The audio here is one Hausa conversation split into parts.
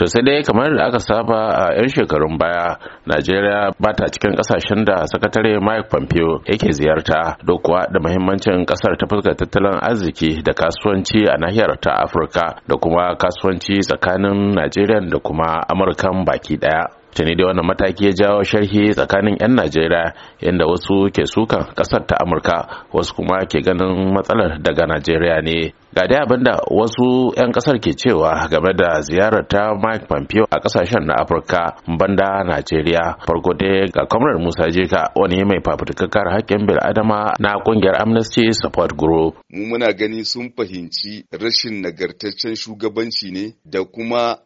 to sai dai kamar da aka saba a 'yan shekarun baya najeriya ba ta cikin kasashen da sakatare mike pompeo yake ziyarta kuwa da mahimmancin kasar ta fuskar tattalin arziki da kasuwanci a nahiyar ta afirka da kuma kasuwanci tsakanin najeriya da kuma amurkan baki daya tuni da wannan mataki ya jawo sharhi tsakanin 'yan najeriya inda wasu ke sukan kasar ta amurka wasu kuma ke ganin matsalar daga najeriya ne ga dai abin da wasu 'yan kasar ke cewa game da ziyarar ta mike pompeo a kasashen na afirka banda najeriya farko dai ga kwamrar musa jeka wani mai fafutukar haƙƙin bil'adama na ƙungiyar amnesty support group mu muna gani sun fahimci rashin nagartaccen shugabanci ne da kuma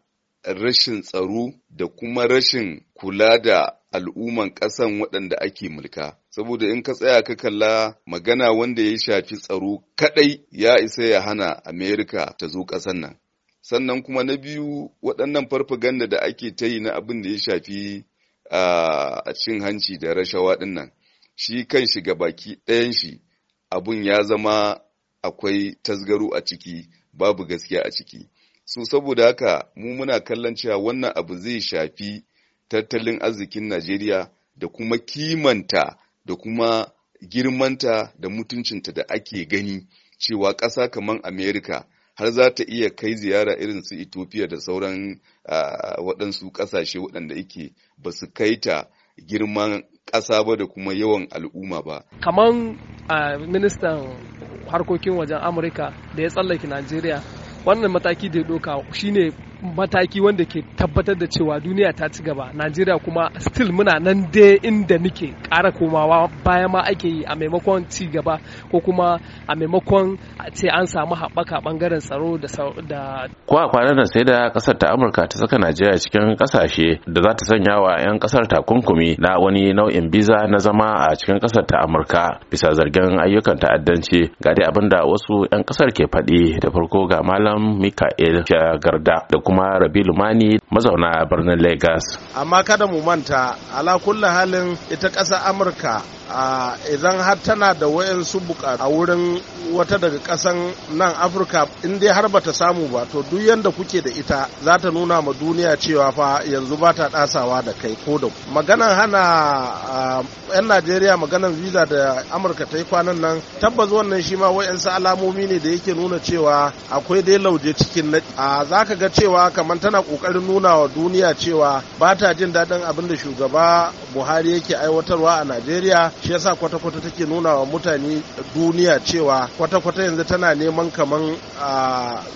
rashin tsaro da kuma rashin kula da al'umman ƙasan waɗanda ake mulka. Saboda in ka tsaya ka kalla magana wanda ya shafi tsaro kaɗai ya isa ya hana Amerika ta zo ƙasan nan. Sannan kuma na biyu waɗannan farfaganda da ake ta yi na abin da ya shafi a cin hanci da rashawa ɗin nan, shi kan shiga baki ɗayan shi abin ya zama akwai tasgaro a ciki babu gaskiya a ciki. su saboda haka mu muna kallon cewa wannan abu zai shafi tattalin arzikin Najeriya da kuma kimanta da kuma girmanta da mutuncinta da ake gani cewa ƙasa kamar Amerika har za ta iya kai ziyara irin su Ethiopia da sauran waɗansu ƙasashe waɗanda ike ba su kai ta girman ƙasa ba da kuma yawan al'umma ba. kamar ministan harkokin wajen Amurka da ya tsallake Najeriya wannan mataki da ya doka shine mataki wanda ke tabbatar da cewa duniya ta ci gaba najeriya kuma still muna nan dai inda nike ƙara komawa baya ma ake yi a maimakon ci gaba ko kuma a maimakon ce an samu haɓaka ɓangaren tsaro da ko a kwanan nan sai da ƙasar ta amurka ta saka najeriya cikin ƙasashe da za ta sanya wa 'yan ƙasar takunkumi na wani nau'in biza na zama a cikin ƙasar ta amurka bisa zargin ayyukan ta'addanci ga dai abin da wasu 'yan ƙasar ke faɗi da farko ga malam mikael shagarda da kuma kuma rabi lumani mazauna birnin lagos amma kada mu manta ala kulli halin ita ƙasa amurka idan har tana da wayansu bukatu a wurin wata daga kasan nan afirka in dai har bata samu ba to duk yanda kuke da ita za ta nuna ma duniya cewa fa yanzu ba ta dasawa da kai ko da maganan hana yan najeriya maganan visa da amurka ta yi kwanan nan tabbas wannan shi ma wayansu alamomi ne da yake nuna cewa akwai dai lauje cikin na a za ka ga cewa kamar tana kokarin nuna wa duniya cewa ba ta jin daɗin abin da shugaba buhari yake aiwatarwa a najeriya shi yasa kwata-kwata take nuna wa mutane duniya cewa kwata-kwata yanzu tana neman kaman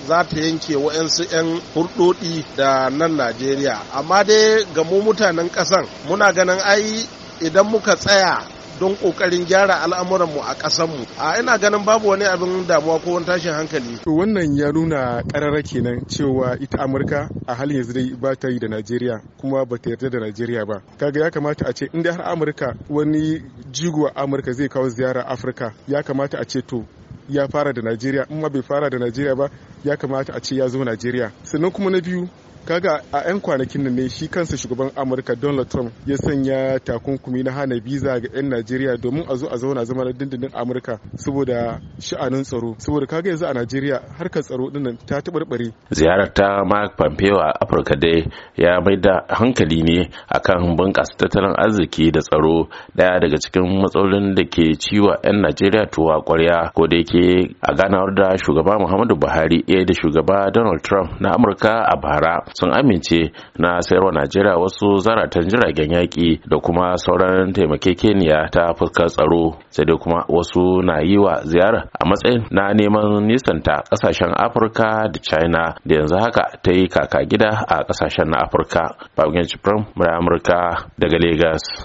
za ta yanke wa'yansu 'yan hurdodi da nan najeriya amma dai ga mu mutanen ƙasan muna ganin ai idan muka tsaya don kokarin gyara al'amuran mu a mu. a ina ganin babu wani abin damuwa ko wani tashin hankali to wannan ya nuna karara kenan cewa ita amurka a halin yanzu dai ba ta yi da najeriya kuma ba ta yarda da najeriya ba kaga ya kamata a ce inda har amurka wani jigo amurka zai kawo ziyara afirka ya kamata a ce to ya fara da najeriya in ma bai fara da najeriya ba ya kamata a ce ya zo najeriya sannan kuma na biyu kaga a 'yan kwanakin nan ne shi kansa shugaban amurka donald trump ya sanya takunkumi na hana biza ga 'yan najeriya domin a zo a zauna zama na dindindin amurka saboda sha'anin tsaro saboda kaga yanzu a najeriya harkar tsaro dinnan ta taɓarɓare ziyarar ta mark pompeo a afirka dai ya mai da hankali ne akan bunƙasa tattalin arziki da tsaro ɗaya daga cikin matsalolin da ke ciwa 'yan najeriya tuwa ƙwarya ko da yake a ganawar da shugaba muhammadu buhari ya da shugaba donald trump na amurka a bara sun amince na sayarwa najeriya wasu zaratan jiragen yaƙi da kuma sauran taimakekeniya ta fuskar tsaro sai dai kuma wasu na yi wa ziyara a matsayin na neman nisanta ƙasashen afirka da china da yanzu haka ta yi kaka gida a ƙasashen na afirka babban amurka daga Legas.